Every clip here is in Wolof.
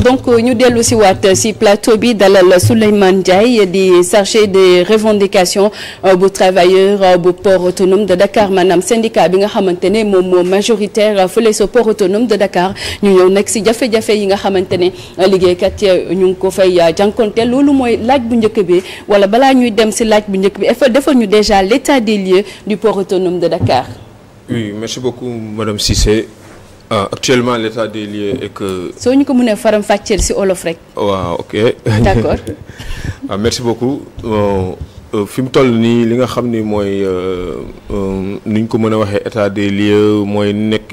donc euh, ñu dellu si waat euh, si plateau bi dalal Souleymane Ndiaye di chargé de revendications euh, bu travailleur bu port autonome de Dakar maanaam syndicat bi nga xamante ne moom moo majoritaire fële sa port autonome de Dakar ñu ñëw nag si jafe-jafe yi nga xamante ne liggéeykat ñu ngi ko fay jànkonte loolu mooy laaj bu njëkk bi wala balaa ñuy dem si laaj bu njëkk bi fa defal ñu déjà l'état des lieux du port autonome de Dakar. oui merci beaucoup ah actuellement l' de des lieux est que. soo ñu ko mënee faram fàcceel si olof rek. waaw ok. d' accord. Ah, merci beaucoup euh, euh, fi mu toll nii li nga xam ni mooy euh, nu ñu ko mën a waxee état des lieux mooy nekk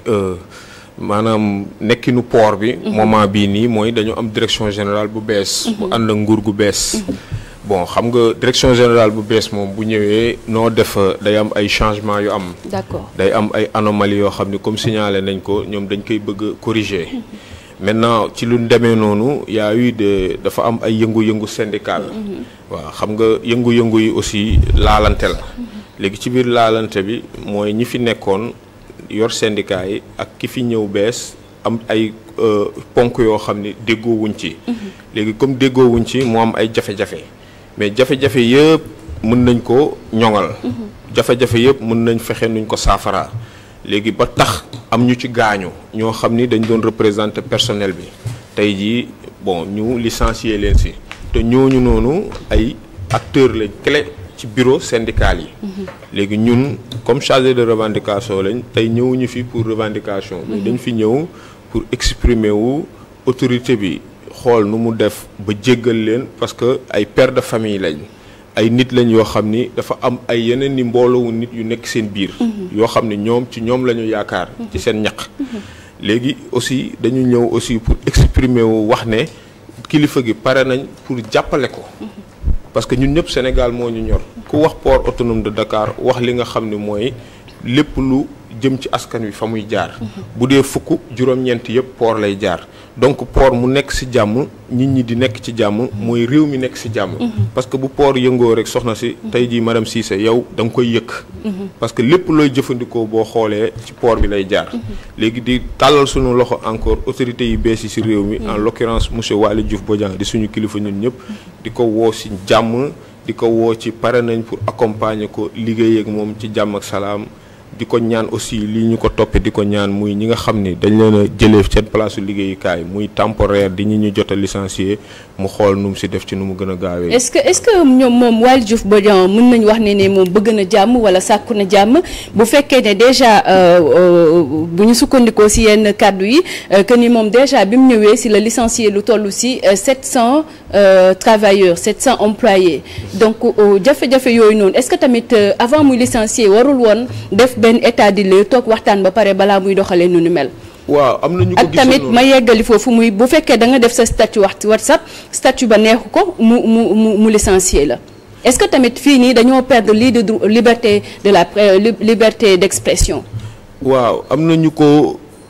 maanaam nekkinu port bi. Mhm. moment bii nii mooy dañu am direction général bu bees. bu mhm. ànd nguur gu bees. Mhm. bon xam nga direction général bu bees moom bu ñëwee noo def euh, day am ay changement yu am. d'accord day am ay anomalies yoo xam ni comme signalé nañ ko ñoom dañ koy bëgg a corriger. maintenant ci lu demee noonu yaa yu de dafa am ay yëngu-yëngu syndical. Mm-hmm. waaw xam nga yëngu-yëngu yi aussi laalante la. Mm-hmm. léegi ci biir laalante bi mooy ñi fi nekkoon yor syndicat yi ak ki fi ñëw bees am ay euh, ponk yoo xam ni déggoowuñ ci. Mm-hmm. léegi comme déggoowuñ ci mu am ay jafe-jafe. mais jafe-jafe yëpp mën nañ ko ñoŋal. jafe-jafe yëpp mun nañ fexe nuñ ko saafaraa léegi ba tax am ñu ci gaañu ñoo xam ni dañ doon représenter personnel bi tey jii bon ñu licencier leen si te ñooñu noonu ay acteurs lañ clé ci bureau syndical yi. léegi ñun comme chargé de revendication lañ tey ñëwuñu fi pour revendication. mais dañ fi ñëw pour exprimer wu autorité bi. xool nu mu def ba jéggal leen parce que ay père de famille lañ ay nit lañ yoo xam ni dafa am ay yeneen ni mbooloowu nit yu nekk seen biir mhm. yoo xam ni ñoom ci ñoom la ñu yaakaar mhm. ci seen ñaq mhm. léegi aussi dañu ñëw aussi pour exprimer wu wax ne kilifa gi pare nañ pour jàppale ko parce que ñun ñëpp Sénégal moo ñu ñor ku wax port autonome de ndakaar wax li nga xam ni mooy lépp lu jëm ci askan wi fa muy jaar mhm. bu dee fukk juróom-ñeent yëpp port lay jaar donc port mu nekk si jàmm nit ñi di nekk ci jàmm mooy réew mi nekk si jàmm mhm. parce que bu port yëngoo rek soxna si mhm. tey jii madame Cissé yow danga koy yëkk parce que lépp looy jëfandikoo boo xoolee ci port bi lay jaar léegi di tàllal suñu loxo encore autorités yi bees yi si réew mi en l'occurrence monsieur Waly Diouf Bodiang di suñu kilifa ñun ñëpp di ko woo si jàmm di ko woo ci pare nañ pour accompagner ko liggéey moom ci jàmm ak salaam di ko ñaan aussi lii ñu ko toppee di ko ñaan muy ñi nga xam ni dañ leen a jëlee seen place liggéeyukaay muy temporaire di ñu ñu jot a licencié mu xool nu mu si def ci nu mu gën a gaawee. est-ce que est-ce que ñoom moom Waly Diouf Bodian mën nañu wax ne ne moom bëgg na jàmm wala sàkku na jàmm bu fekkee ne déjà euh, euh, bu ñu sukkandikoo si yenn kàddu yi euh, que ni moom déjà bi mu ñëwee si la licencié lu toll si 700 travailleurs 700 employés donc jafe-jafe yooyu noonu est-ce que tamit avant muy licencié warul woon benn état di lee toog waxtaan ba pare balaa muy doxalee nu nu mel. waaw am na ñu ko ak ma yeggali foofu muy bu fekkee da nga def sa statut waxtu WhatsApp statut ba neexu ko mu mu mu mu licencier la. est-ce que tamit fii nii dañoo perdre lii de liberté de la euh, liberté d'expression. waaw am na ñu ko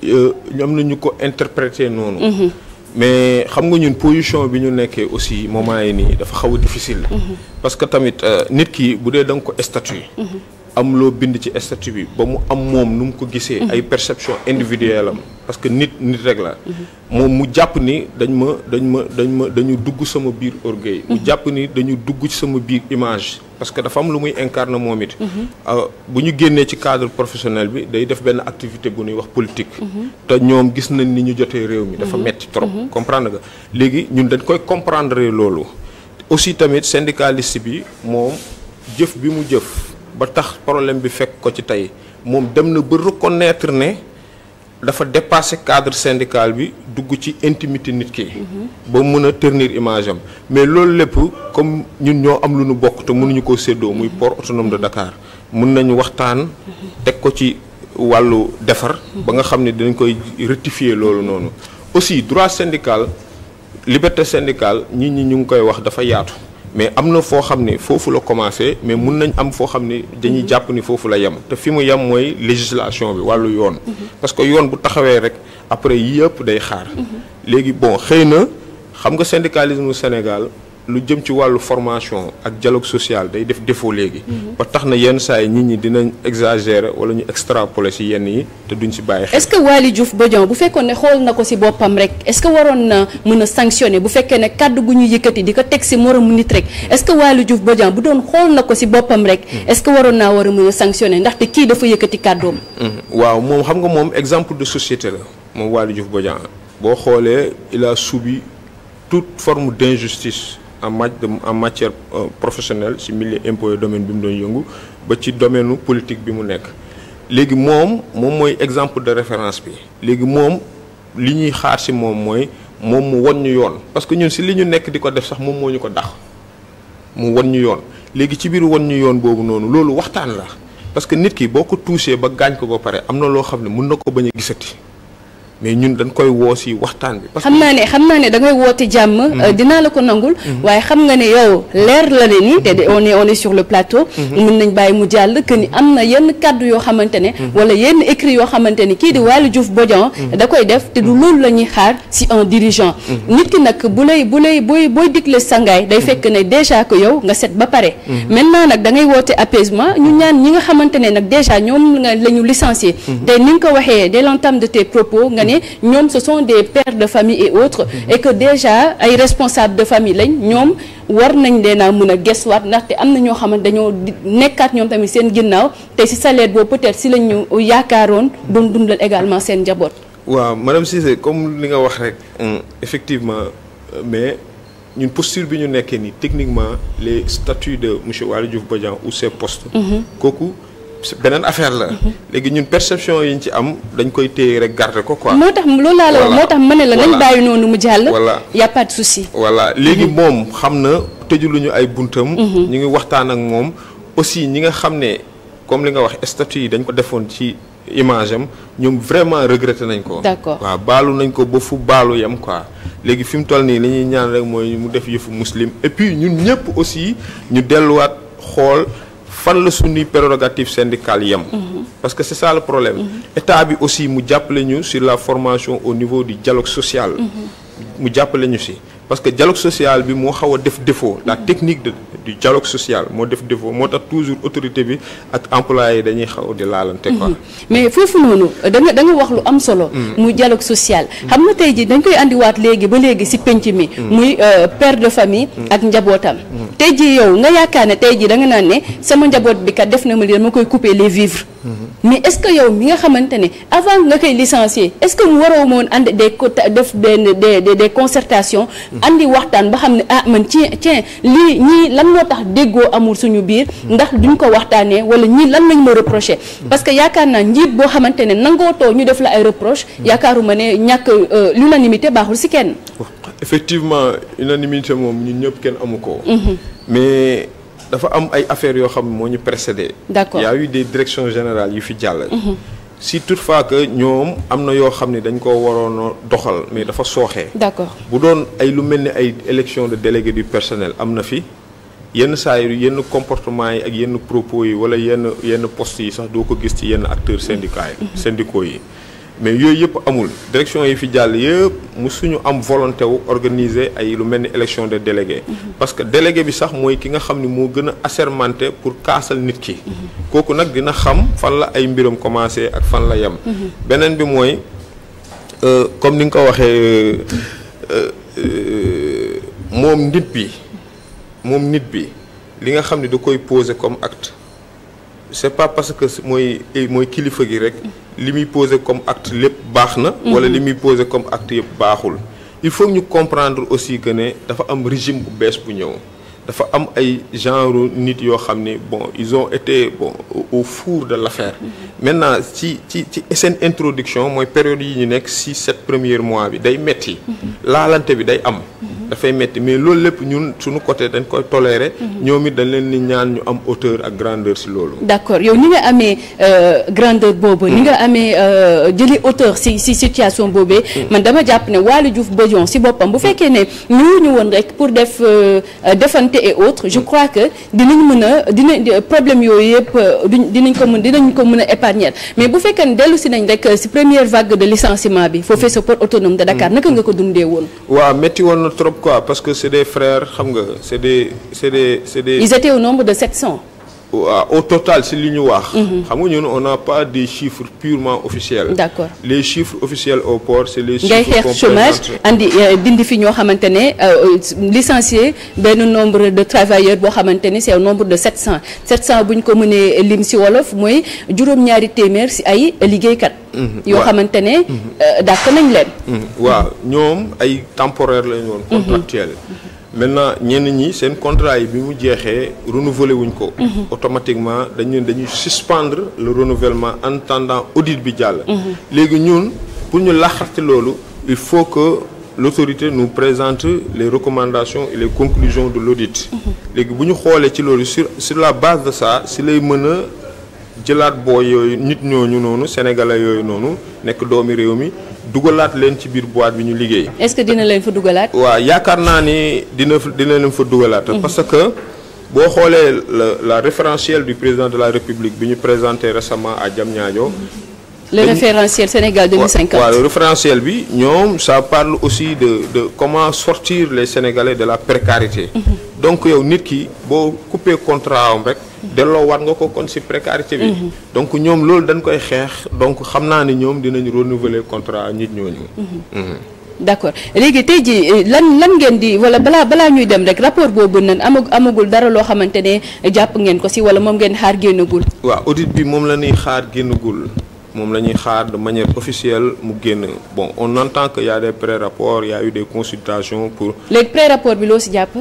euh, am na ñu ko interpréter noonu. Mm-hmm. mais xam nga ñun position bi ñu nekkee aussi moment yi nii dafa xaw a difficile. Mm-hmm. parce que tamit euh, nit ki bu dee da nga ko statut. Mm-hmm. am loo bind ci statut bi ba mu am moom nu mu ko gisee. Mhm. ay perception individuelle am parce que nit nit rek la. Mhm. moom mu jàpp ni dañu ma dañ ma dañ ma dañu dugg sama biir orgueil. mu mhm. jàpp ni dañu dugg ci sama biir image. parce que dafa am lu muy incarne moom it. Euh, bu ñu génnee ci cadre professionnel bi day def benn activité bu ñuy wax politique. te ñoom gis nañ ni ñu jotee réew mi. dafa metti trop comprendre ga léegi ñun dañ koy comprendre loolu. aussi tamit syndicaliste bi moom jëf bi mu jëf. ba tax problème bi fekk ko ci tey moom dem na ba reconnaître ne dafa dépassé cadre syndical bi dugg ci intimité nit ki. Mhm. ba mun a ternir image mais loolu lépp comme ñun ñoo am lu ñu bokk te mënuñu ko séddoo muy mhm. port autonome de Dakar mun nañu waxtaan mhm. teg ko ci wàllu defar ba nga xam ne dinañ koy rectifier loolu noonu aussi droit syndical liberté syndicale nit ñi ñu ngi koy wax dafa yaatu mais am na foo xam ni foofu la commencé mais mun nañ am foo xam ne dañuy mhm. jàpp ni foofu la yem te fi mu yem mooy législation bi wàllu yoon mhm. parce que yoon bu taxawee rek après yëpp day xaar mhm. léegi bon xëy na xam nga syndicalisme Sénégal lu jëm ci wàllu formation ak dialogue social day def defoo léegi. Mhm. ba tax na yenn saa yi nit ñi dinañ exagérer wala ñu extrapoler si yenn yi te duñ si bàyyi xel. est-ce que Waly Diouf Bodiang bu fekkoon ne xool na ko si boppam rek que waroon na mën a sanctionner bu fekkee ne kàddu gu ñu yëkkati ko teg si moromu nit rek est-ce que Waly Diouf Bodiang bu doon xool na ko si boppam rek. Mhm. est-ce que waroon naa war a mën a sanctionner ndaxte kii dafa yëkkati kàddoom. Mhm. waaw moom xam nga moom exemple de société la moom Waly Diouf Bodiang boo xoolee il a subi toute forme d'injustice. en matière euh, professionnelle ci milieu impôt et domaine bi mu doon yëngu ba ci domaine politique bi mu nekk léegi moom moom mooy exemple de référence bi léegi moom li ñuy xaar ci moom mooy moom mu won ñu yoon parce que ñun si li ñu nekk di ko def sax moom moo ñu ko dax mu won ñu yoon léegi ci biir won ñu yoon boobu noonu loolu waxtaan la parce que nit ki boo ko touché ba gaañ ko ba pare am na loo xam ne mën na ko bañ a gisati mais ñun dañ koy woo si waxtaan bi. parce que xam naa ne xam naa ne da ngay woote jàmm. Mhm. Euh, dinaa la ko nangul. Mhm. waaye xam nga ne yow leer la ne ni te on est on est sur le plateau. Mhm. mën nañ bàyyi mu jàll que ni am na yenn kàddu yoo xamante ne. wala yenn écrit yoo xamante ne kii di Waly Diouf Bodian. da koy def te du loolu la ñuy xaar si un dirigeant. nit ki nag bu lay bu lay booy booy digle sangaay day fekk ne déjà ko yow nga set ba pare. maintenant nag da ngay woote apaisement ñu ñaan ñi nga xamante ne nag déjà ñoom la ñu licencié. ne ñoom ce sont des pères de famille et autres mhm. et que déjà ay responsables de famille lañ ñoom war nañ leen a mën a gestuwaat ndaxte am na ñoo xamante dañoo nekkaat ñoom tamit seen ginnaaw te si salaire boobu peut-être si lañ ñu yaakaaroon doon dundal également seen njaboot. waaw madame Cissé comme li nga wax rek effectivement mais ñun posture bi ñu nekkee nii techniquement les statuts de monsieur Waly Diouf Bodiang ou ses postes. Mhm. kooku. beneen affaire la. Mhm. léegi ñun perception yi ñu ci am dañ koy téye rek garder ko quoi. moo tax loolu laa la wax moo tax ma ne la nañ bàyyi noonu mu jàll. voilà a pas de souci. voilà léegi mhm. moom xam na tëjuluñu ay buntam. Mhm. ñu ngi waxtaan ak moom aussi ñi nga xam ne comme li nga wax statut yi dañ ko defoon ci. image ñoom vraiment regretté nañ ko. d'accord waaw baalu nañ ko ba fu baalu yam quoi léegi fi mu toll nii li ñuy ñaan rek mooy mu def yëfu muslim et puis ñun ñëpp aussi ñu delluwaat xool. fan la suñuy prérogative syndicale yem mhm. parce que c'est ça problème mhm. état bi aussi mu jàppale ñu sur la formation au niveau di dialogue social mhm. mu jàppale ñu si parce que dialogue sociale bi moo xaw a def défaut la technique de du dialogue social moo def défaut moo tax toujours autorité bi ak employé yi dañuy xaw di laalante quoi. Mhm. mais foofu noonu da nga da nga wax lu am solo. Mhm. muy dialogue social. xam nga tey jii dañ koy indiwaat léegi ba léegi si penc mi. Mhm. muy euh, père de famille. ak njabootam. tey jii yow nga yaakaar ne tey ji danga nga naan ne sama njaboot bi kat def na ma li dama koy couper les vivres. mais est-ce que yow mi nga xamante ne avant nga koy licencier est-ce que mu waroo moon andi de def des des des concertations. andi waxtaan ba xam ne ah man ci tiens lii ñii lan moo tax déggoo amul suñu biir. ndax duñ ko waxtaanee wala ñii lan lañ ma reproché. parce que yaakaar naa njiit boo xamante ne nangootoo ñu def la ay reproche yaakaaruma ne ñàkk euh, l'unanimité baaxul si kenn. effectivement unanimité moom ñun ñëpp kenn amu ko. Mm-hmm. mais. dafa am ay affaires yoo xam moo ñu précédé. d'accord y a eu des directions générales yu fi jàll. Mhm. surtout toutefois que ñoom am na yoo xam ne dañ ko waroon doxal mais dafa sooxee. d'accord bu doon ay lu mel ni ay élection de délégué bi personnel am na fi yenn saa yu yenn comportement yi ak yenn propos yi wala yenn yenn postes yi sax doo ko gis ci yenn acteurs syndicats yi mhm. syndicaux yi. mais yooyu yëpp amul direction yi fi jàll mu suñu am volonté wu organiser ay lu mel ni élection de délégué mm-hmm. parce que délégué bi sax mooy ki nga xam ni moo gën a assermenté pour kaasal nit ki mm-hmm. kooku nag dina xam fan la ay mbiram commencé ak fan la yem mm-hmm. beneen bi mooy euh, comme ni nga ko waxee euh, euh, moom nit bi moom nit bi li nga xam ni du koy posé comme act c'est pas parce que mooy eh, mooy kilifa gi rek li muy posé comme acte lépp baax na mhm. wala li muy posé comme acte yëpp baaxul il faut ñu comprendre aussi que ne dafa am régime bu bees bu ñëw dafa am ay genre nit yoo xam ne bon ils ont été bon au four de l'affaire mhm. maintenant ci ci ci seen introduction mooy période yi ñu nekk si sept première mois bi day metti mhm. laalante bi day am dafay metti mais loolu lépp ñun suñu côté dañ koy tolérer. Mhm. ñoom it dañ leen ni ñaan ñu am hauteur ak grandeur si loolu. d'accord yow ni nga amee euh, grandeur boobu. ni nga mhm. amee euh, jëli hauteur si si situation boobee. Mhm. man dama jàpp ne Waly Diouf Bodian si boppam bu fekkee ne ñu woon rek pour def euh, defante et autres je crois que dinañ mën a dina problème yooyu yëpp duñ dinañ ko mën dinañ ko mën a épargner mais bu fekkee ne dellu si nañ rek si première vague de licenciement bi foofee sa port autonome de Dakar naka nga ko dundee woon. quoi parce que c'est des frères xam nga c'est des c'est des c'est des. au nombre de 700. waaw au total si li ñu wax. Mhm. xam nga ñun on n'a pas des chiffres purement officiels. d'accord les chiffres officiels au port c'est les. chiffres ngay xeex chômage andi euh, dindi fi ñoo xamante ne euh, licencié benn nombre de travailleurs boo xamante ne c'est au nombre de 700 700 bu ñu ko mënee lim si wolof mooy juróom-ñaari téeméer si ay liggéeykat. Mm-hmm. yoo xamante ne mm-hmm. euh, dàkk nañ leen waaw mm-hmm. ñoom ay temporaire lañ woon contractuel maintenant ñenn ñi seen contra yi bi mu jeexee renouveler wuñ ko automatiquement dañu dañuy suspendre le renouvellement en attendant audit bi jàll léegi ñun pour ñu laxarte loolu il faut que l'autorité nous présente les recommandations et les conclusions de l'audit léegi bu xoolee ci loolu sur la base de ça si lay mën a jëlaat booy yooyu nit ñooñu noonu sénégalais yooyu noonu nekk doomi réew mi dugalaat leen ci biir boîte bi ñu liggéey. est-ce que dina leen fa dugalaat. waa yaakaar naa ni dina dina leen fa dugalaat. Mhm. parce que boo xoolee la la référentiel du président de la république bi ñu présenté récemment à Diamniadio mhm. le référentiel Sénégal 2050 waaw le référentiel bi ñoom sa parle aussi de de commence sortir le Sénégalais de la précarité. Mhm. donc yow nit ki boo coupé contrat am rek. delloo war nga ko kon ci précarité bi. Mhm. donc ñoom loolu dañ koy xeex donc xam naa ne ñoom dinañ renouveler contrat nit ñooñu. Mhm. d' accord léegi tey jii eh, lan lan ngeen di wala balaa balaa ñuy dem rek rapport boobu nan amag amagul dara loo xamante ne jàpp ngeen ko si wala moom ngeen xaar génnagul. waaw audit bi moom la ñuy xaar génnagul. moom la ñuy xaar de manière officielle mu génn bon on entend que y a des pré-rapports y a eu des pour. léegi pré-rapport bi loo si jàpp.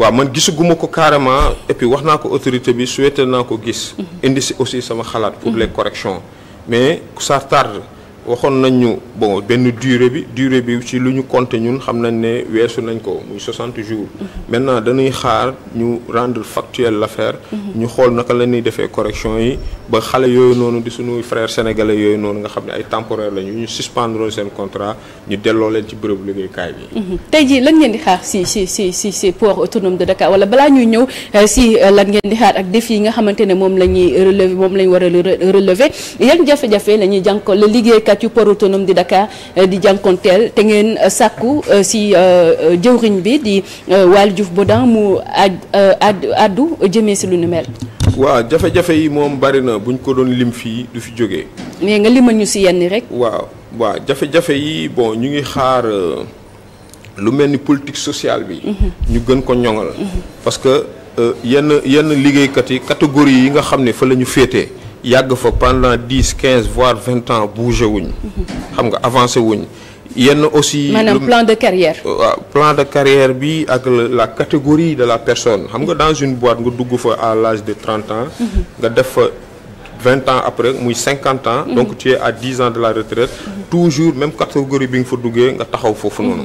waaw man gisaguma ko carrément et wax naa ko autorité bi souhaité naa ko gis. Mhm. indi si aussi sama xalaat. pour mhm. les corrections mais ça tarde. waxoon nañ ñu bon benn durée bi durée bi ci lu ñu compter ñun xam nañ ne weesu nañ ko muy 60 jours. Mm-hmm. maintenant dañuy xaar ñu rendre factuel l'affaire. Mm-hmm. ñu xool naka la ñuy defee correction yi ba xale yooyu noonu di suñuy frères sénégalais yooyu noonu nga xam ne ay temporaire lañu ñu suspendre seen contrat ñu delloo leen ci bërëb liggéeykaay bi. Mm-hmm. tey jii lan ngeen di xaar si si si si si port autonome de Dakar wala balaa ñuy ñëw euh, si euh, lan ngeen di xaar ak défi yi nga xamante ne moom la ñuy relever moom la ñu war a relever yan jafe liggéeykat yu port di Dakar eh, di jànkonteel te ngeen eh, sàkku eh, si jëwriñ bi di Waly Diouf Bodian mu ad addu jëmee si lu nu mel. waaw jafe-jafe yi moom bari na buñ ko doon lim fii du fi jóge mais nga limal ñu si yenn rek. waaw waa jafe-jafe yi bon ñu ngi xaar lu mel ni politique sociale bi. Mhm. ñu gën ko ñoŋal. Mhm. parce que yenn yenn liggéeykat yi catégorie yi nga xam ne fa la ñu féetee. yàgg fa pendant dix quinze voire vingt ans bougé wuñ. xam nga avance wuñ. yenn aussi maanaam plan de carrière. Euh, plan de carrière bi ak la catégorie de la personne xam nga dans une boîte nga dugg fa à l'âge de trente ans. nga def fa vingt ans après muy cinquante ans. donc tu es à dix ans de la retraite. toujours même catégorie bi nga fa duggee nga taxaw foofu noonu.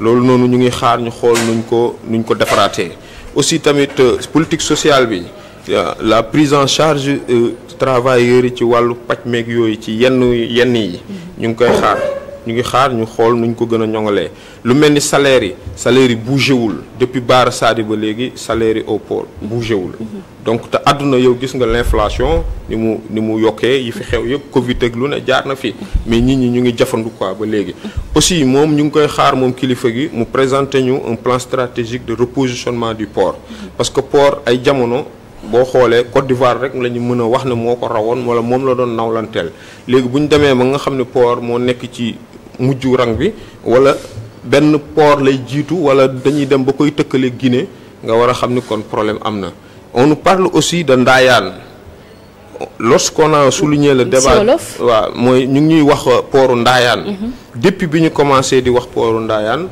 loolu noonu ñu ngi xaar ñu xool nuñ ko nuñ ko defaraatee. aussi tamit euh, politique sociale bi. Euh, la prise en charge euh, travailleurs yi ci wàllu paj meeg yooyu ci yenn yenn yi mm-hmm. ñu ngi koy xaar ñu ngi xaar ñu xool nuñ ko gën a ñoŋalee lu mel ni salaire yi salaire yi bougé depuis Baara Sadi ba léegi salaire yi au port bougé wul mm-hmm. donc te àdduna yow gis nga l'inflation ni mu ni mu yokkee yi fi xew yëpp Covid ak lu ne jaar na fi mais nit ñi ñu ngi jafandu ba léegi. aussi moom ñu ngi koy xaar moom kilifa gi mu présenter ñu un plan stratégique de repositionnement du port mm-hmm. parce que port ay jamono. boo xoolee Côte d'Ivoire rek la ñu mën a wax ne moo ko rawoon wala moom la doon nawlanteel léegi bu ñu demee ba nga xam ne port moo nekk ci mujju rang bi wala benn port lay jiitu wala dañuy dem ba koy tëkkalee Guinée nga war a xam ni kon problème am na on nous parle aussi de Ndayane lorsqu'on a souligné le débat waa mooy ñu ngi ñuy wax pooru Ndayane mhm. depuis bi ñu commencé di wax pooru Ndayane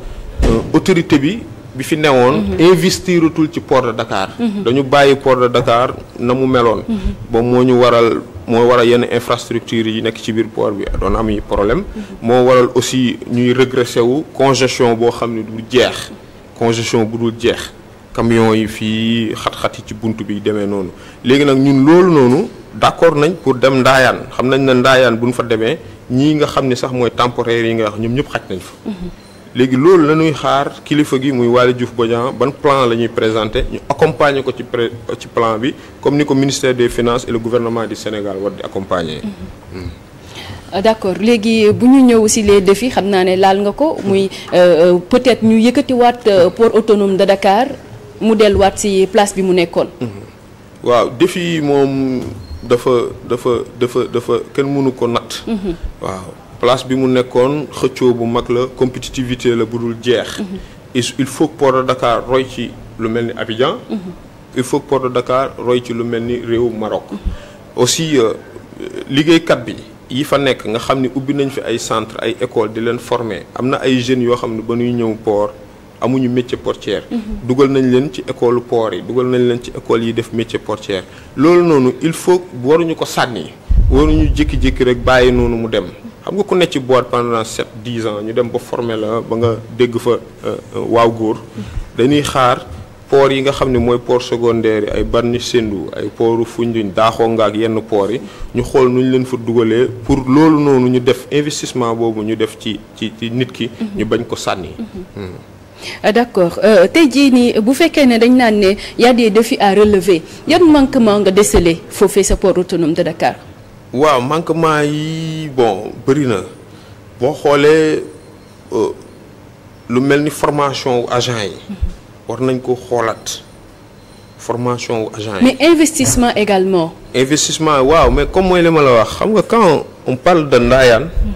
euh, autorité bi bi fi newoon. investiratul ci port de Dakar. dañu bàyyi port de Dakar na mu meloon. ba moo ñu waral moo waral yenn infrastructure yi nekk ci biir port bi doon am problème. moo waral aussi ñuy régressé wu congestion boo xam ne du jeex. congestion bu dul jeex camion yi fii xat-xat yi ci bunt bi demee noonu léegi nag ñun loolu noonu d'accord nañ pour dem ndaayaan xam nañ ne ndaayaan bu ñu fa demee ñii nga xam ne sax mooy temporaire yi nga wax ñoom ñëpp xaj nañ fa. léegi loolu la ñuy xaar kilifa gi muy Waly Diouf Bodian ban plan la ñuy présenté ñu accompagner ko ci ci plan bi comme ni ko ministère des finances et le gouvernement du Sénégal war di accompagner. Mm-hmm. d'accord léegi euh, bu ñu ñëw si les defi xam naa ne laal nga ko muy euh, euh, peut-être ñu waat pour autonome de Dakar mu delluwaat si place bi mu nekkoon. Mm-hmm. waaw défi moom dafa dafa dafa dafa kenn mënu ko natt. Mm-hmm. waaw. place bi mu nekkoon xëccoo bu mag la compétitivité la bu dul jeex. Mhm. il faut que port de Dakar roy ci lu mel ni Abidjan. Mhm. il faut port de Dakar roy ci lu mel ni réew Maroc. Mhm. aussi euh, liggéeykat bi yi fa nekk nga xam ni ubbi nañ fi ay centre ay école di leen former am na ay jeunes yoo xam ne ba ñuy ñëw port amuñu métier portière. dugal nañ leen ci école port yi dugal nañ leen ci école yi def métier portière loolu noonu il faut waruñu ko sànni waruñu jékki-jékki rek bàyyi noonu mu dem. xam nga ku nekk ci boîte pendant sept dix ans ñu dem ba formé la ba nga dégg fa euh, euh, waaw góor dañuy xaar port yi nga xam ne mooy port secondaire yi ay Bargny Sendou ay portu Foundiougne daaxoo nga ak yenn port yi ñu xool nu ñu leen fa dugalee pour loolu noonu ñu def investissement boobu ñu def ci ci ci nit ki mhm. ñu bañ ko sànni mhm. hmm. euh, d'accord tey jii nii bu fekkee ne dañ naan ne y a des défis à relever yan manquement nga décelé foofee sa port autonome de Dakar waaw manquement yi bon bëri na boo xoolee euh, lu mel ni formation wu agent yi mhm. war nañ ko xoolaat formation wu agent yi. mais investissement également. investissement waaw mais comme mooy li ma la wax xam nga quand on parle de ndaayaan mhm.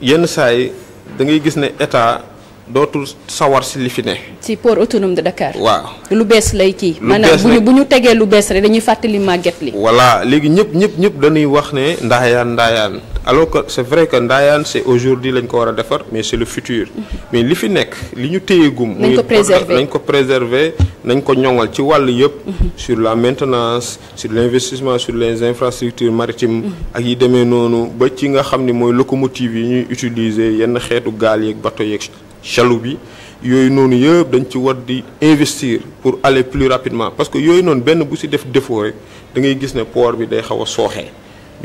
yenn saay yi da ngay gis ne état. dootul sawar si li fi ne. si port autonome de waaw lu bees lay kii. lu bees bu ñu tegee lu bees rek dañuy fàttali màgget li. voilà léegi ñëpp ñëpp ñëpp dañuy wax ne ndaayaan ndaayaan alors que c' est vrai que ndaayaan c' est aujourd'hui lañ ko war a defar mais c' lu future mm-hmm. mais li fi nekk li ñu téye gum. nañ ko préserver nañ ko préserver nañ ko ñoŋal ci wàll yëpp. Mm-hmm. sur la maintenance sur l' investissement sur les infrastructures maritimes. Mm-hmm. ak yi demee noonu ba ci nga xam ni mooy locomotive yi ñuy utiliser yenn xeetu gaal yeeg bateau yeeg. chalou bi yooyu noonu yëpp dañu ci war di investir pour aller plus rapidement parce que yooyu noonu benn bu si def défaut rek ngay gis ne port bi day xaw a sooxee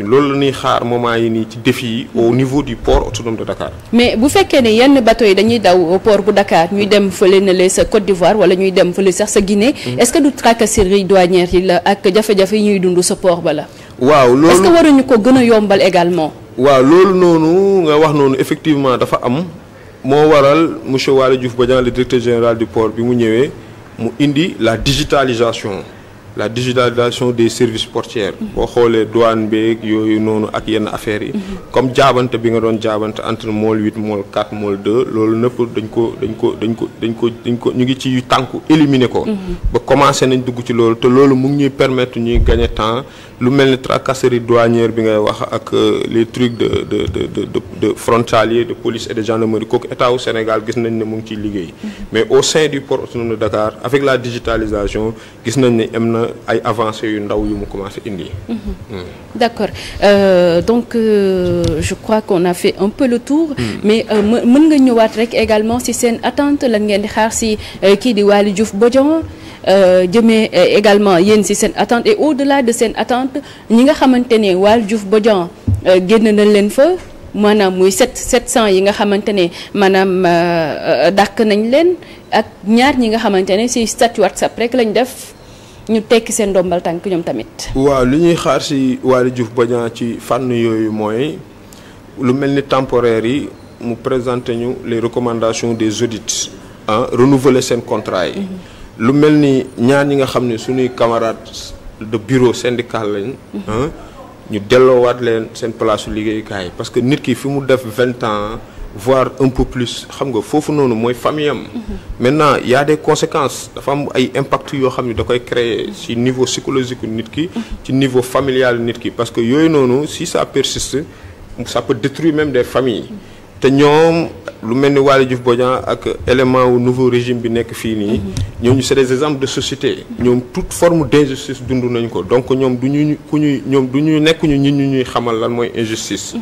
loolu la nuy xaar moment yi nii ci défi yi au niveau du port autonome de Dakar. mais bu fekkee ne yenn bato yi dañuy daw port bu Dakar ñuy dem fële na le sa Côte d'Ivoire wala ñuy dem fële sax sa Guinée. Mm-hmm. est-ce que du tracasserie douanière yi la ak jafe-jafe yi ñuy dund sa port ba la. waaw loolu est-ce que waruñu gën a yombal également. waaw loolu noonu nga wax noonu effectivement dafa am. moo waral monsieur Waly Diouf Bodian le directeur général du port bi mu ñëwee mu indi la digitalisation la digitalisation des services portières boo xoolee douane beeg yooyu noonu ak yenn affaires yi comme jaabante bi nga doon jaabante entre mool 8 mool 4 mool 2 loolu nëpp dañ ko dañ ko dañ ko dañ ko dañ ko ñu ngi ci yu tànku éliminer ko mhm. ba commencé nañ dugg ci loolu te loolu mu ngi ñuy permettre ñuy gagner temps lu mel ni tracasserie douanière bi ngay wax ak euh, les trucs de de de de de frontalier de police et de gendarmerie kooku état wu Sénégal gis nañ ne mu ngi ciy liggéey mhm. mais au la digitalisation gis na ay avancées yu ndaw yu mu commencé indi. Mm-hmm. Mm. d'accord euh, donc euh, je crois qu'on a fait un peu le tour. Mm. mais euh, mën nga ñëwaat rek également ci seen attente lañ ngeen di xaar ci euh, kii di Waly Diouf Bodiang euh, jëme également yéen ci seen attente et au-delà de seen attente ñi nga xamante ne Waly Diouf Bodiang génn na leen fa. maanaam muy sept sept cent yi nga xamante ne maanaam dàq nañ leen ak ñaar ñi nga xamante ne ci statut WhatsApp rek lañ def ñu tekki seen ndombal tànk ñoom tamit. waa li ñuy xaar si Waly Diouf Bodiang ci fànn yooyu mooy lu mel ni temporaire yi mu présenter ñu les recommandations des audits ah renouveler seen contrat yi. Mm-hmm. lu mel ni ñaar ñi nga xam ne suñuy camarades de bureau syndical lañ. Mm-hmm. ñu delloowaat leen seen place su liggéeyukaay parce que nit ki fi mu def vingt ans. voire un peu plus xam nga foofu noonu mooy famille am. Mhm. maintenant y a des conséquences dafa am ay impact yoo xam ne da koy créer ci niveau psychologique nit ki. Mhm. ci niveau familial nit ki parce que yooyu noonu si ça persiste ça peut détruire même des familles. Mhm. te ñoom lu mel ni Waly Diouf Bodian ak élément nouveau régime bi nekk fii nii. ñoom c'est des exemples de société. ñoom toute forme d'injustice dundu nañ ko donc ñoom du ñu ku ñuy ñoom du ñu nekkuñu ñu nit ñu ñuy xamal lan mooy injustice.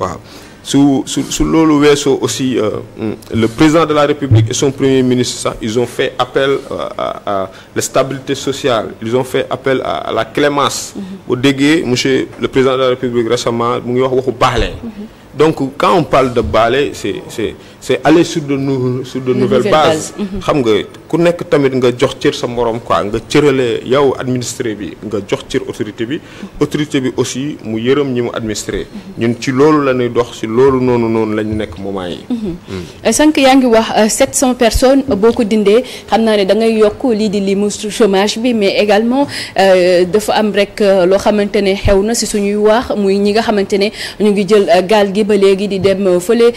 waaw. su su su loolu weesoo aussi euh, mm, le président de la République et son premier ministre sax euh, ils ont fait appel à à la sociale ils ont fait appel à la clémence. bu mhm. déggee monsieur le président de la République récemment mu ngi wax waxu baale. Mhm. donc quand on parle de baale c'est c'est c'est aller sur de nou sur de mhm. xam nga ku nekk tamit nga jox cër sa moroom quoi nga cëralee yow administré bi nga jox cër autorité bi autorité bi aussi mu yërëm ñi mu administré mhm. ñun ci loolu la ñuy dox ci loolu noonu noonu la ñu nekk moment yi mhm. Euh, sànq yaa ngi wax euh, cent personnes euh, boo ko dindee xam naa ne da ngay yokk lii di limu chômage bi mais également dafa am rek loo xamante ne xew na ci suñuy wax muy ñi nga xamante ne ñu ngi jël gaal gi ba léegi di de fële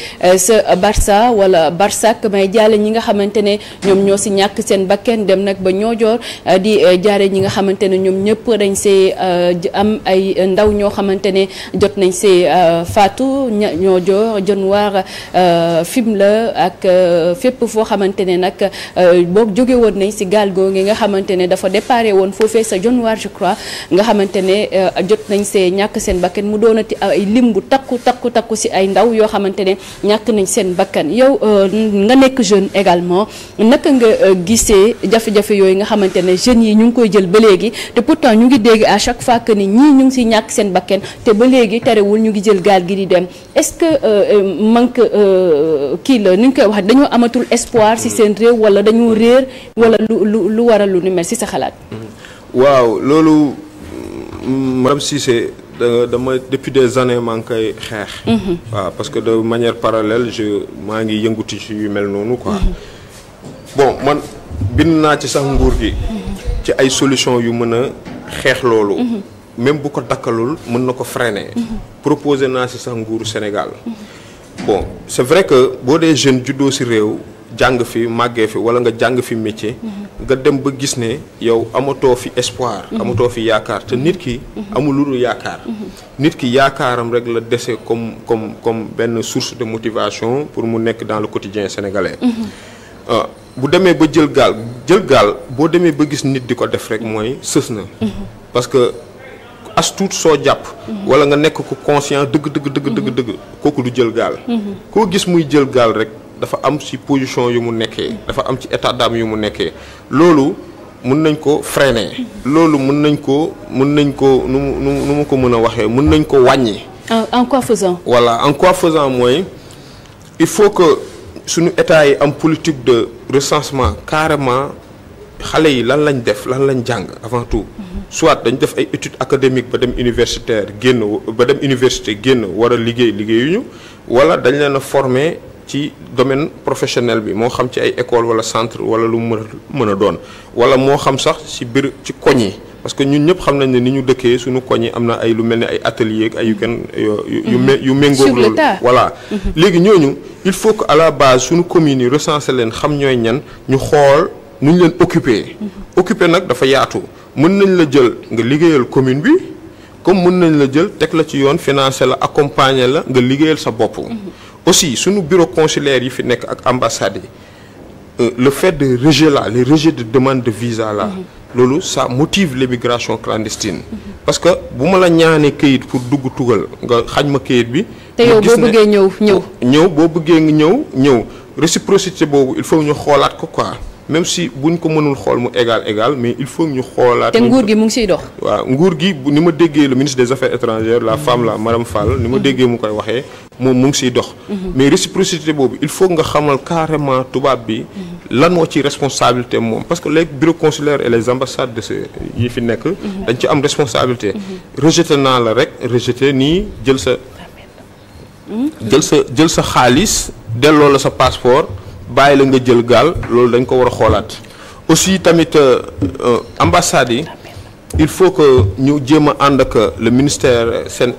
sa Barça Barça wala Barsak may jaale ñi nga xamante ne ñoom ñoo si ñàkk seen bakken dem nag ba ñoojoor euh, di euh, jaare ñi nga xamante ne ñoom ñëpp dañ see euh, am ay ndaw ñoo xamante ne jot nañ see faatu ñoojoor janwaar fim la ak fépp foo xamante ne nag boo jóge woon nañ si gaal googu nga xamante ne dafa déparé woon foofee sa janwaar je crois nga xamante ne jot nañ see ñàkk seen bakken mu doonati ay lim takku takku takku si ay ndaw yoo xamante ñàkk nañ seen bakkan Kane yow euh, nga nekk jeune également naka nga euh, gisee jafe-jafe yooyu nga xamante ne jeune yi ñu ngi koy jël ba léegi te pourtant ñu ngi dégg à chaque fois que ni ñii ñu ngi si ñàkk seen bakken te ba léegi terewul ñu ngi jël gaal gi di dem est-ce que euh, manque kii la ni nga koy wax dañoo amatul espoir si seen réew wala dañoo réer wala lu lu lu waral lu ni mel si sa xalaat. waaw loolu madame Cissé dama depuis des années maa ngi koy xeex. Mhm. waaw parce que de manière parallèle je maa ngi yënguti ci yu mel noonu ko mhm. bon man bind naa ci sax nguur gi. Mhm. ci ay solution yu mën a xeex loolu. même bu ko dakkalul mën na ko freiner. proposé naa ci sax nguur Sénégal. bon c'est vrai que boo dee jeune juddoo ci réew. jàng fi màggee fi wala nga jàng fi métier. Mhm. nga dem ba gis ne yow amatoo fi espoir. Mhm. amatoo fi yaakaar te nit ki. Mhm. amul lu dul yaakaar. nit ki yaakaaram rek la dese comme comme comme benn source de motivation pour mu nekk dans le quotidien sénégalais. Euh, bu demee ba jël gaal jël gaal boo demee ba gis nit di ko def rek mooy sës na. parce que as soo jàpp. wala nga nekk ko conscient dëgg dëgg dëgg dëgg dëgg. kooku du jël gaal. koo gis muy jël gaal rek. dafa am ci position yu mu nekkee dafa am ci état d'âme yu mu nekkee loolu mun nañ ko freiner loolu mun nañ ko mun nañ ko nu mu nu mu ko mën a waxee mun nañ ko wàññi. en quoi faisant. voilà en quoi mooy il faut que suñu état yi am politique de recensement carrément xale yi lan lañ def lan lañ jàng avant tout. Mhm. soit dañ def ay études académiques ba dem universitaire génn ba dem université génn war liggéey liggéeyuñu wala dañ leen a former. ci domaine professionnel bi moo xam ci ay école wala centre wala lu mu mën a doon wala moo xam sax ci biir ci koñ yi parce que ñun ñëpp xam nañ ne ni ñu dëkkee suñu koñ yi am na ay lu mel ni ay atelier ak ay yu kenn yu me mhm. yu méngoog loolu voilà mhm. léegi ñooñu il faut que à la base suñu communes yi recenser leen xam ñooy ñan ñu xool nu ñu leen occuper mhm. occuper nag dafa yaatu mën nañ la jël nga liggéeyal commune bi comme mën nañ la jël teg la ci yoon financer la accompagner la nga liggéeyal sa bopp aussi suñu bureau consulaire yi fi nekk ak ambassade yi euh, le fait de rejet là les rejets de demande de visa la mhm. loolu ça motive l'immigration clandestine parce que bu ma la ñaanee kayit pour dugg tugal nga xañ ma kayit bi te yow boo bëggee ñëw ñëw ñëw boo bëggee ñëw ñëw réciprocité boobu il faut ñu xoolaat ko quoi même si buñ ko mënul xool mu égal égal mais il faut ñu xoolaat. te nguur gi mu ngi siy dox. waaw nguur gi bu ni ma déggee le ministre des affaires étrangères la femme la madame Fall ni ma mhm. déggee mu koy waxee moom mu ngi siy dox. Mhm. mais réciprocité boobu il faut nga xamal carrément tubaab bi. Mhm. lan moo ci responsabilité moom parce que les bureaux consulaires et les ambassades de ce yi fi nekk. dañ ci am responsabilité. rejeté naa la rek rejeté nii jël sa. Hmm? jël sa jël sa xaalis delloo la sa passeport. bàyyi la nga jël gaal loolu dañ ko war xoolaat aussi tamit euh, euh, ambassades yi il faut que ñu jéem a ànd ak euh, le ministère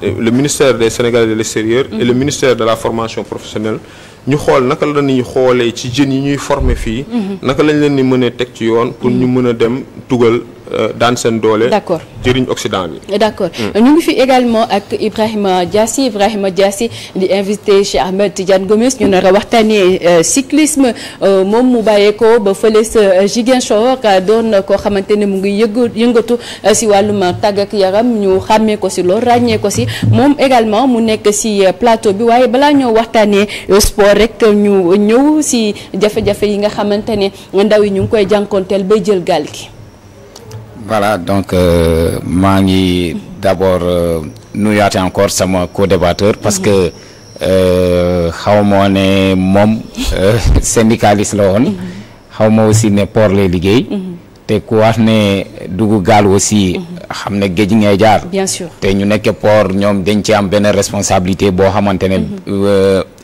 le ministère des Sénégalais de l'extérieur et le mm-hmm. ministère de la formation professionnelle ñu xool naka la ñuy xoolee ci jeunes yi ñuy former fii mm-hmm. naka lañ leen ni mën teg ci yoon pour ñu mm-hmm. mën a dem tugal Euh, daan seen doole. d'accord jëriñ Occident bi. d'accord mm. ñu ngi fi également ak Ibrahima Diassi Ibrahima Diassi di invité Cheikh Ahmed Tidiane Gomis ñu nar a waxtaanee euh, cyclisme euh, moom mu bàyyeekoo ba fële sa Ziguinchor doon koo xamante ne mu ngi yëngu yëngatu si wàllum tàgg ak yaram ñu xàmmee ko si loolu ràññee ko si moom également mu nekk si plateau bi waaye balaa ñëw waxtaanee sport rek ñu ñëw si jafe-jafe yi nga xamante ne ndaw yi ñu ngi koy jànkoonteel bay jël gaal gi. voilà donc euh, maa ngi d'abord euh, nuyaate encore sama co parce que euh, xaw moo ne moom syndicaliste la woon xaw ma aussi ne port lay liggéey te ku wax ne dugg gaal aussi xam ne géej ngay jaar te ñu nekk port ñoom dañ ci am benn responsabilité boo xamante ne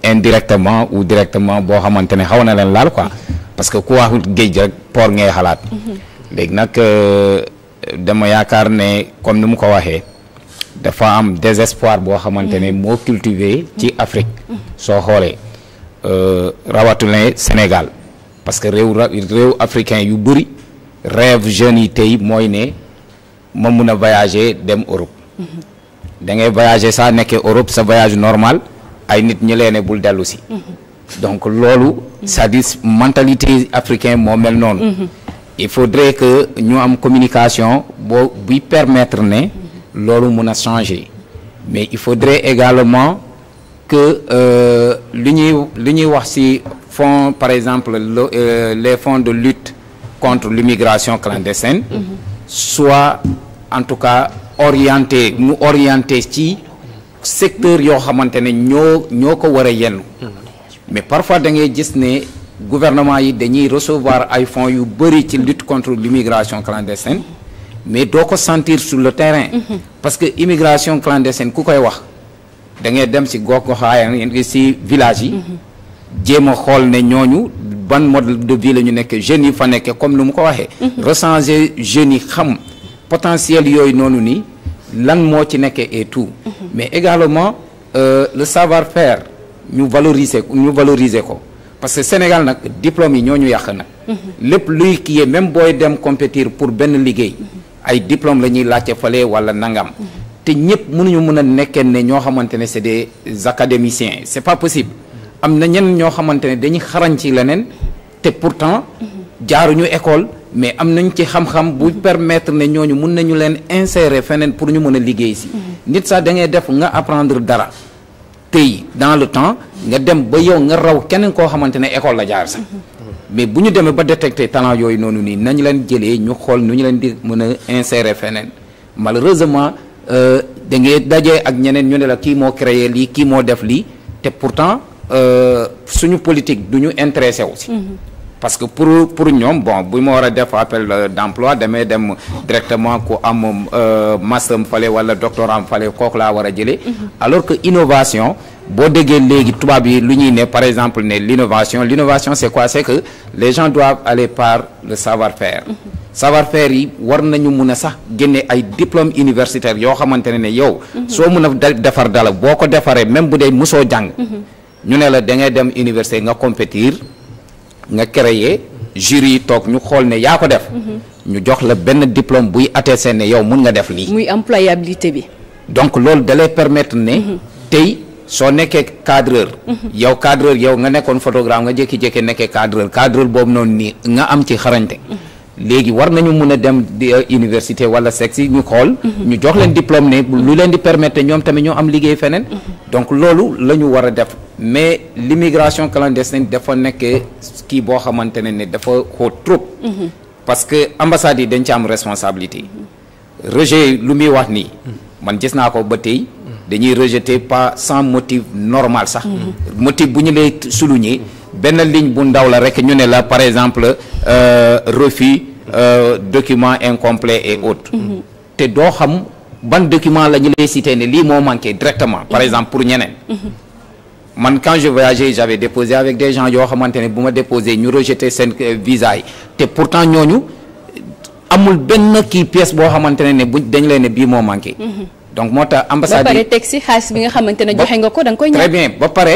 indirectement ou directement boo xamante ne xaw na leen laal quoi parce que ku wax géej rek port ngay xalaat léegi nag euh, dama yaakaar ne comme ni mu ko waxee dafa am désespoir boo xamante ne moo cultiver ci Afrique soo xoolee euh, rawatina Sénégal parce que réew réew africain yu bëri rêve jeunes yi tey mooy ne ma mun a voyager dem Europe da ngay voyager saa nekkee Europe sa voyage normal ay nit ñi leen bul dellu si mhm. donc loolu cest à mentalité africain moo mel noonu mhm. il faudrait que ñu am communication boo buy permettre ne loolu mun a changer mais il faudrait également que euh, li ñuy li ñuy wax ci fonds par exemple le, euh, les fonds de lutte contre l'immigration clandestine mm -hmm. soit en tout cas orienté mu orienté ci secteur yoo xamante ne ñoo ñoo ko war a yenn mm-hmm. mais parfois da gis ne gouvernement yi dañuy recevoir ay fonds yu bëri ci lutte contre l'immigration clandestine mais doo ko sentir sur le terrain mhm. parce que immigration clandestine ku koy wax da ngay dem si gox goxaayaan ngi si village yi mhm. jéem a xool ne ñooñu ban mode de vie la ñu nekk jeunes yi fa nekkee comme lu mu ko waxee mhm. recenser jeunes yi xam potentiel yooyu noonu nii lan moo ci nekkee et tout mais également euh, le savoir fair ñu valoriser ñu valoriser ko parce que Sénégal nag diplôme yi ñoo ñu yàq nag. Mhm. lépp luy kii même booy dem compétir pour benn liggéey. Mhm. ay diplôme la ñuy laajte fale wala nangam. Mhm. te ñëpp mënuñu mën a nekkee ne ñoo xamante ne c'est des académiciens c'est pas possible am na ñenn ñoo xamante ne dañuy xarañ ci leneen te pourtant jaaruñu école mais am nañ ci xam-xam bu permettre ne ñooñu mun nañu leen insérer feneen pour ñu mën a liggéey si. nit sax da ngay def nga apprendre dara. tey dans le temps nga dem ba yow nga raw keneen koo xamante ne école la jaar sax mais bu ñu demee ba détecter talent yooyu noonu nii nañu leen jëlee ñu xool nu ñu leen di mën a insérer feneen malheureusement euh, da ngay dajee ak ñeneen ñu ne la kii moo créé lii kii moo def lii te pourtant euh, suñu politique du ñu intéressé wu si mm-hmm. parce que pour pour ñoom bon bu ma war a def appel d' emploi damay dem directement ku am euh, master fale wala doctorat fale kooku laa war a jëlee. Mm-hmm. alors que innovation. boo déggee léegi tubaab yi lu ñuy ne par exemple ne l'innovation l'innovation c'est quoi c'est que les gens doivent aller par le savoir-faire mm-hmm. savoir-faire yi war nañu mun a sax génne ay diplôme universitaire yoo xamante ne ne yow mm-hmm. soo mun a defar dala boo ko defaree même bu dee mosoo jàng ñu ne la da ngay dem université nga compétir nga créer jury yi toog ñu xool ne yaa ko def. ñu jox la benn diplôme buy attesté ne yow mun nga def lii. muy employabilité bi. donc loolu dalay permettre ne. Mhm. tey soo nekkee cadreur. Mhm. yow cadreur yow nga nekkoon photographe nga jékki-jékki nekkee cadreur cadreur boobu noonu nii nga am ci xarañte. Mhm. léegi war nañu mun a dem di euh, université wala sexe yi ñu xool. ñu jox leen diplôme ne lu leen di permettre ñoom tamit ñoo am liggéey feneen. donc loolu la ñu war a def mais l'immigration clandestine dafa nekk kii boo xamante ne ni dafa xóot trop. Mhm. parce que ambassades yi dañ ci am responsabilité. rejet lu muy wax nii. man gis naa ko ba tey. dañuy rejeter pas sans motif normal sax. Mhm. motif bu ñu lay souligner benn ligne bu ndaw la rek ñu ne la par exemple euh, refus euh, document incomplet et autres. Mhm. te doo xam ban document la ñu lay cité ne lii moo manqué directement. par exemple pour ñeneen. man quand je voyageais j'avais déposé avec des gens yoo xamante ne bu ma déposé ñu rejeté seen euh, visa yi te pourtant ñooñu amul benn kii pièce boo xamante ne ne bu dañ leen ne bii moo manqué. Mhm. donc moo tax ambassade yi ba pare teg si xaalis bi nga xamante ne joxe nga ko da nga koy. très bien ba pare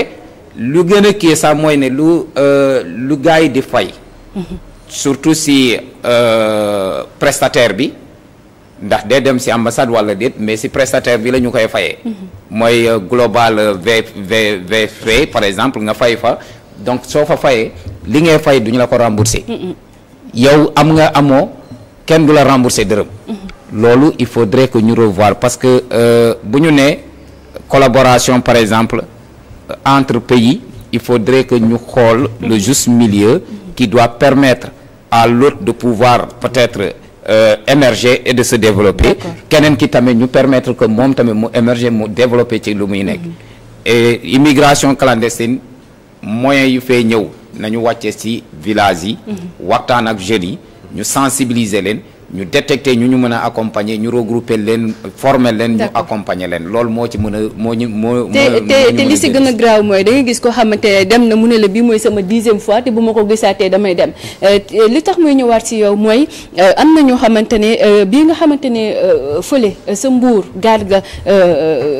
lu gën a kii sax mooy ne lu euh, lu gars yi di fay. Mhm. surtout si euh, prestataire bi. ndax day dem ci ambassade walla déet mais si prestataire bi la ñu koy fayee. Mhm. mooy euh, global euh, V V VFA par exemple nga fay fa donc soo fa fayee li ngay fay du ñu la ko rembourser. yow am nga amoo kenn du la rembourser dërëm. Mm-hmm. loolu il faudrait que ñu revoir parce que euh, bu ñu nee collaboration par exemple entre pays il faudrait que ñu xool le juste milieu mm-hmm. qui doit permettre à l'autre de pouvoir peut-être. Euh, émerger et de se développer keneen ki tamit ñu permettre que moom tamit mu émerger mu développer ci lu muy nekk mhm. et immigration clandestine moyens yu fee ñëw nañu wàcce si village yi mhm. waxtaan ak jeunes yi ñu sensibiliser leen ñu détecté ñu ñu mën a accompagner ñu regrouper leen former leen. ñu accompagner leen loolu moo ci mën a moo ñu moo. te te li si gën a mooy da gis ko xamante ne dem na mu ne la bii mooy sama dixième fois te bu ma ko gisaatee damay dem euh, li tax muy ñëwaat si yow mooy euh, am na ñoo xamante ne euh, bii nga xamante ne fële sa mbuur gaal ga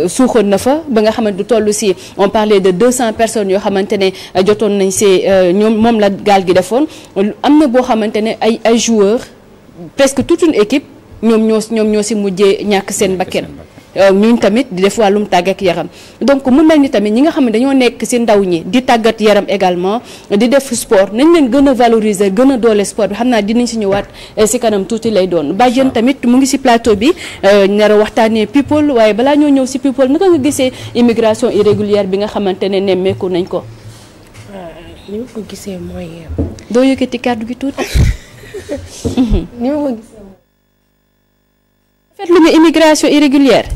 suuxoon na fa ba nga xamante du toll si on parlait de deux cent personnes yoo xamante ne jotoon nañ si ñoom moom la gaal gi defoon am na boo xamante ne ay ay joueurs. presque toute une équipe ñoom ñoo ñoom ñoo si mujjee ñàkk seen bakken euh, ñun tamit di def wàllum tàggat yaram donc mu mel ni tamit ñi nga xam ne dañoo nekk si ndaw ñi di tàggat yaram également di def sport nañ leen gën a valoriser gën a doole sport bi xam naa dinañ si ñëwaat euh, si kanam tuuti lay doon. bàjjen tamit mu ngi si plateau bi euh, nar a waxtaanee people waaye balaa ñoo ñëw si people naka nga gisee immigration irrégulière bi nga xamante ne nemmeeku nañ ko. ni ni ma ko gisee moom. rafetlu nga immigration irrégulière.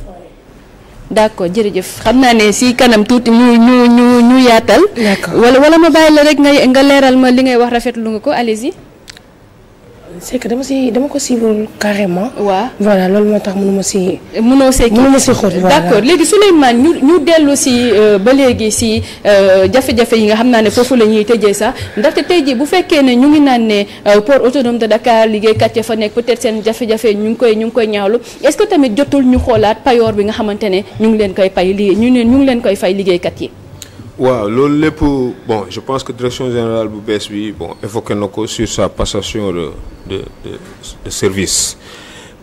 d'accord jërëjëf xam naa ne si kanam tuuti ñu ñu ñu ñu yaatal. wala wala ma bàyyi la rek nga nga leeral ma li ngay wax rafetlu nga ko allez-y. c'est que dama si dama ko suivre carrément. waa voilà loolu moo tax mënuma si. mënoo see kii mënuma si xóot voilà d'accord léegi Souleymane ñu ñu dellu si euh, ba léegi si euh, jafe-jafe yi nga xam naa ne foofu la ñuy tëjee sax ndaxte tey jii bu fekkee ne ñu ngi naan ne euh, port autonome de Dakar liggéeykat ya fa nekk peut seen jafe-jafe ñu ngi koy ñu ngi koy ñaawlu est-ce que tamit jotul ñu xoolaat payoor bi nga xamante ne ñu ngi leen koy pay li ñu ne ñu ngi leen koy fay liggéeykat yi. waaw loolu lépp bon je pense que direction générale bu bees bi bon évoqué na ko sur sa passation de de de, de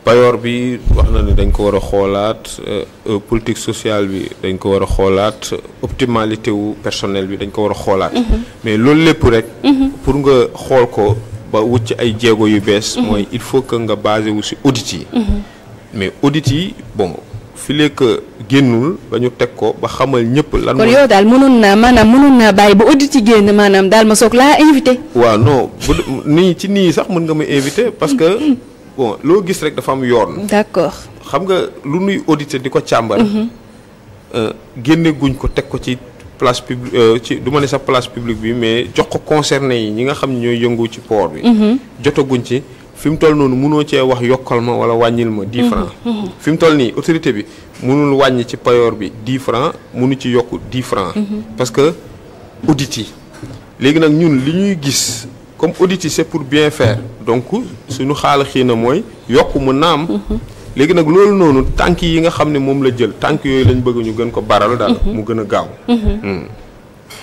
payoor bi wax na ne dañ ko war a xoolaat euh, euh, politique sociale bi dañ ko war a xoolaat optimalité wu personnel bi dañ ko war a xoolaat mhm. mais loolu lépp rek mhm. pour nga xool ko ba wut ay jéego yu bees mhm. mooy il faut que nga basé wu si audit yi mais audit yi bon fi lekk génnul ba ñu teg ko ba xamal ñëpp lan. kon yow daal mënoon naa maanaam mënoon naa bàyyi ba audit yi génn maanaam daal ma soog laa invité. waaw non bu nii ci nii sax mën nga ma invité parce que bon loo gis rek dafa am yoon. d'accord xam nga lu nuy audité di ko càmbar. Mhm. Euh, génne guñ ko teg ko ci place publique euh, ci du ma ne sax place publique bi mais jox ko concerné yi ñi nga xam ñoo yëngu ci port bi. Mhm. jotaguñ ci. fi mu toll noonu mënoo cee wax yokkal ma wala wàññil ma 10 francs mm-hmm. Mm-hmm. fi mu toll nii autorité bi mënul wàññi ci payoor bi 10 francs mënu ci yokk 10 francs mm-hmm. parce que audit léegi nag ñun li ñuy gis comme audit yi c'est pour bien faire donc suñu xaala xii na mooy yokk mu naam léegi nag loolu noonu tànk yi nga xam ne moom la jël tànk yooyu lañ bëgg ñu gën ko baral daal mu gën a gaaw mm.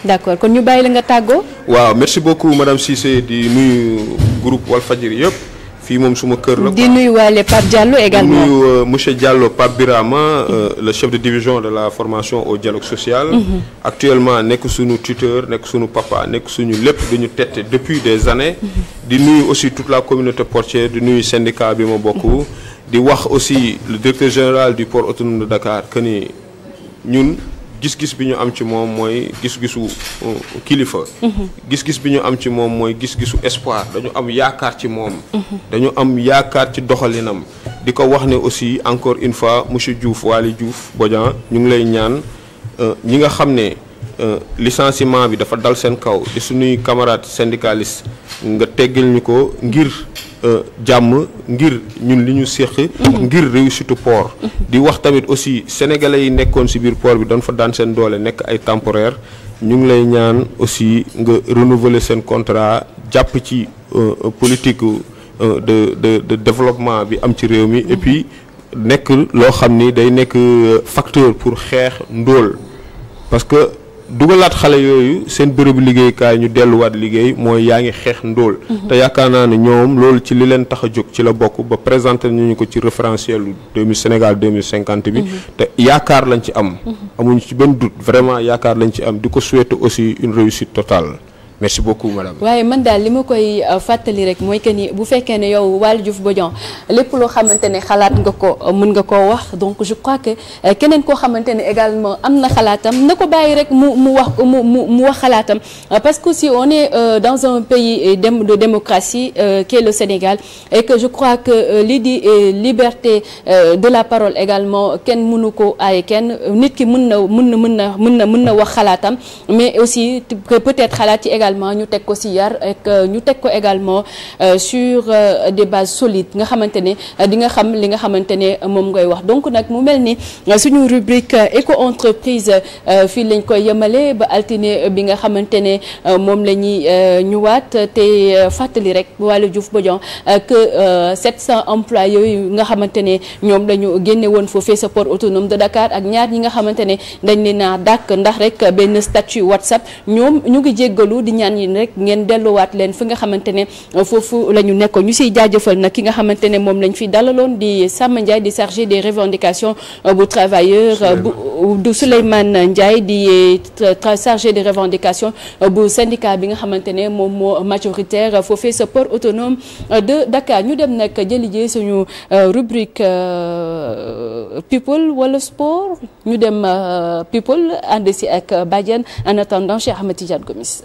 d'accord kon ñu bàyyi la nga tàggoo waaw merci beaucoup madame Cissé di nuyu groupe Walfadjri yëpp fii moom suma kër la. di nuyuwaale Pape Diallo également di nuyu euh, monsieur Diallo Pape Birama euh, le chef de division de la formation au dialogue social. Mhm. actuellement nekk suñu tuteur nekk suñu papa nekk suñu lépp duñu tette depuis des années. Mhm. di nuyu aussi toute la communauté portière di nuyu syndicat bi ma bokk. Mhm. di wax aussi le directeur général du port autonome de Dakar que ni ñun. gis-gis bi ñu am ci moom mooy gis-gisu euh, kilifa. Mhm. gis-gis bi ñu am ci moom mooy gis-gisu espoir dañu am yaakaar ci moom. Mhm. dañu am yaakaar ci doxalinam. di ko wax ne aussi encore une fois monsieur Diouf Waly Diouf Bodian ñu ngi lay ñaan euh, ñi nga xam ne euh, licenciement bi dafa dal seen kaw di suñuy camarades syndicalistes nga teggil ñu ko ngir. Euh, jàmm ngir ñun li ñu séq mhm. ngir réussite port mhm. di wax tamit aussi sénégalais yi nekkoon ci biir port bi doon fa daan seen doole nekk ay temporaire ñu ngi lay ñaan aussi nga renouveler seen contrat jàpp ci euh, politique euh, de de de développement bi am ci réew mi mhm. et puis nekk loo xam ni day nekk facteur pour xeex ndóol parce dugalaat xale yooyu seen bërëbu liggéeykaay ñu delluwaat liggéey mooy yaa ngi xeex ndóol. Mhm. te yaakaar naa ne ñoom loolu ci li leen tax a jóg ci la bokk ba présenté nañu ko ci référentiel deux mille Sénégal deux mille cinquante bi. Mhm. te yaakaar lañ ci am. Mhm. amuñu ci benn doute vraiment yaakaar lañ ci am di ko souhaiter aussi une réussite totale. merci beaucoup waaye man daal li ma koy euh, fàttali rek mooy que ni bu fekkee ne yow Waly Diouf Bodian lépp loo xamante ne xalaat nga ko euh, mën nga koo wax donc je crois que euh, keneen koo xamante ne également am na xalaatam na ko bàyyi rek mu mu wax mu mu mu wax xalaatam parce que si on est dans un pays de démocratie qui est le Sénégal et que je crois que lii di liberté de la parole également kenn mënu ko ay kenn nit ki mën na mën na mën na mën na mën wax xalaatam mais aussi peut-être xalaat également ñu teg ko si yar ak euh, ñu teg ko également euh, sur euh, des bases solides nga xamante ne di nga xam li nga xamante ne moom ngay wax donc nag mu mel ni suñu rubrique éco entreprise fii lañ koy yemale ba altine bi nga xamante ne moom la ñuy ñëwaat te fàttali rek Waly Diouf Bodian que 700 emplois yooyu nga xamante ne ñoom lañu ñu génne woon foofee sa port autonome de Dakar ak ñaar ñi nga xamante ne dañ leen dàkk ndax rek benn statut WhatsApp ñoom ñu ngi jéggalu di ñaan yi rek ngeen delluwaat leen fi nga xamante ne euh, foofu la ñu nekkoon ñu siy jaajëfal nag ki nga xamante ne moom lañ fi dalaloon di sàmm Ndiaye di chargé des revendications euh, bu travailleur euh, bu Souleymane Ndiaye di chargé de revendications bu syndicat bi nga xamante ne moom moo majoritaire foofee sa port autonome de Dakar ñu dem nag jëli ji suñu rubrique people wala sport ñu dem people ànd si ak Badiane en attendant Cheikh Ahmed Tidiane Gomis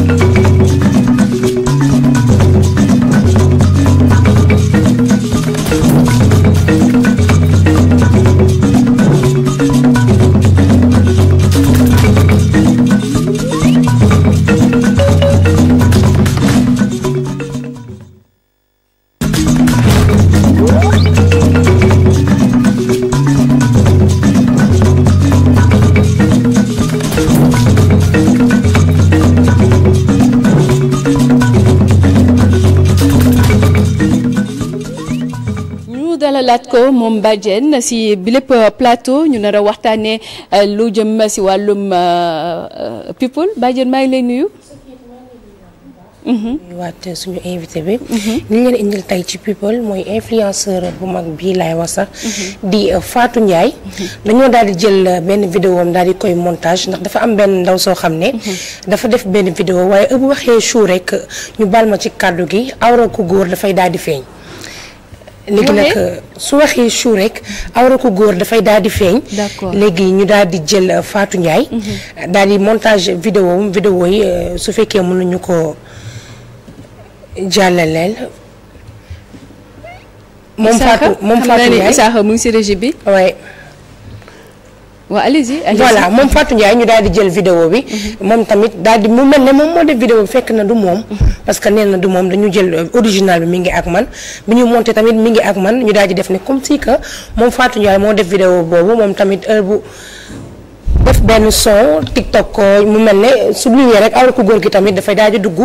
Dame Badiène si bi lépp euh, plateau ñu nar a waxtaanee euh, lu jëm si wàllum euh, people Badiène maa ngi lay nuyu. Mhm. waat suñu invité bi. Mhm. li ñu leen indil tey ci people mooy influenceur bu mag bii laay wax sax. Mhm. di Fatou Ndiaye. dañoo daal di jël benn vidéo am daal di koy montage ndax dafa am benn ndaw soo xam ne. dafa def benn vidéo waaye bu waxee chou rek ñu baal ma ci kàddu gi awra ku góor dafay daal di feeñ. léegi nag su waxee chou rek awra ko góor dafay daal di feeñ. léegi ñu daal di jël euh, faatu Ndiaye. Mhm. daal di montage vidéo vidéo yi euh, su fekkee mën nañu ko jàllaleel. moom Fatou moom Fatou Ndiaye Isaaxa mu ngi si régie bi. waaw allez-y allez-y voilà moom Fatou Ndiaye ñu daal di jël vidéo bi. Mhm. moom tamit daal di mu mel ne moom moo def vidéo bi fekk na du moom. Mhm. parce que nee na du moom dañu jël euh, original bi mi ngi ak man bi ñu monté tamit mi ngi ak man ñu daal di def ne comme si que moom Fatou Ndiaye moo def vidéo boobu moom tamit heure bu. def benn son tiktok ko mu mel ne souligné rek awra ko góor gi tamit dafay daal di dugg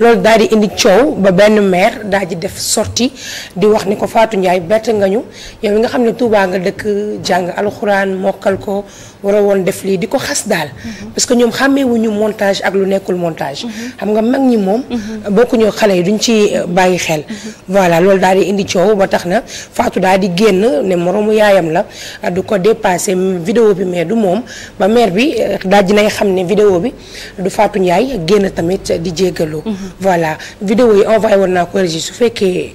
loolu daal di indi coow ba benn maire daal di def sortie di wax ni ko Fatou Ndiaye bett nga ñu yow yi nga xam ne Touba nga dëkk jàng alxuraan mokkal ko wara woon def lii di ko xas daal mhm. parce que ñoom xàmmeewuñu montage ak lu nekkul montage mhm. xam nga mag ñi moom mhm. bokkuñu xale yi duñ ci eh, bàyyi xel voilà loolu daal di indi coow ba tax na faatu daal di génn ne moroomu yaayam la du ko dépassé vidéo bi mais du moom ba maire bi euh, daal dinañ xam ne vidéo bi du Fatou Ndiaye génn tamit di jéggalu mhm. voilà vidéo yi envoyé woon naa ko su fekkee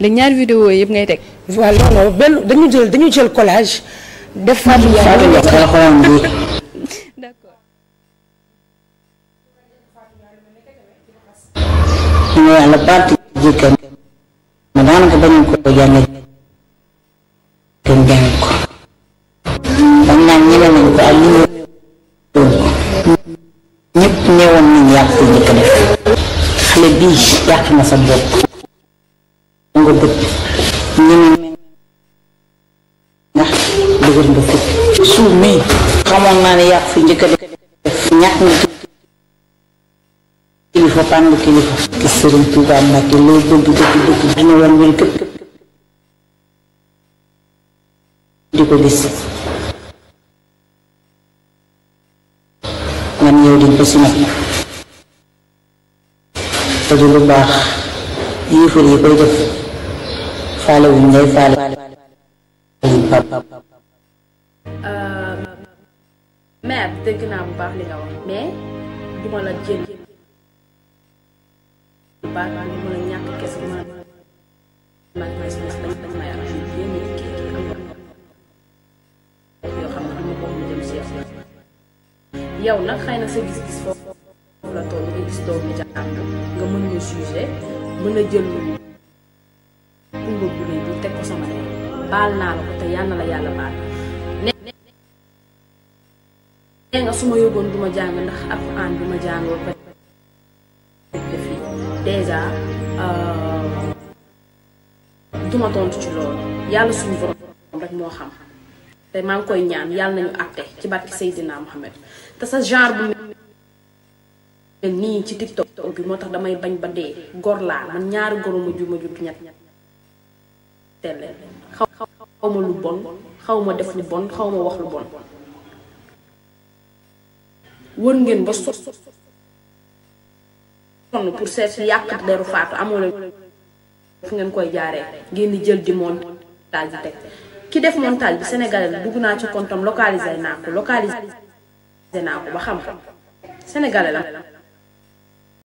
la ñaar vidéo yëpp ngay teg voilà non benn dañu jël dañu jël collage def Fatou Ndiaye ñu wax la parti jëkkër daanaka bañu ko jàngal yàq na sa bopp nga bët ñun ñax dëgër nga fukk suuf mii xamoon naa ne yàq fi njëkk a def ñax nga ki sëriñ Tuuba Mbàkke loo bëgg bëgg dina woon wér këpp di ko gis man yow diñ ko si nag te du lu baax yéefar yi koy def faale wuñ lay faale mère dégg naa bu baax li nga wax mais du ma la jël bu baax baax du ma la ñàkk kes bu ma la man may sama dañ dañ may am yenn kii kii am yoo xam ne dama ko jëm si yow nag xëy na sa gis-gis foofu la toll gis doom bi jàpp nga mën ñu jugé mën a jël kumba bu baal naa la ko te yàlla la yàlla baal nee nga su yóbboon du ma jàng ndax alxuraan du ma jàngoo ba fii dèjà euh, duma tontu ci loolu yàlla suñu borom rek moo xam te maa ngi koy ñaan yàlla nañu àtte ci barki Seydina Mohamed te sa genre bu nii ci tiktok bi moo tax damay bañ ba dee gor laa man ñaari goro ma ju ma juddu ñett telle xaw ma lu bon xaw ma def lu bon xaw ma wax lu bon wër ngeen ba so sonn pour seet si yàq deru faatu amoo leen fu ngeen koy jaaree ngeen di jël di montage bi teg ki def montage bi sénégalais la dugg naa ci compte am naa ko localisé naa ko ba xam-xam la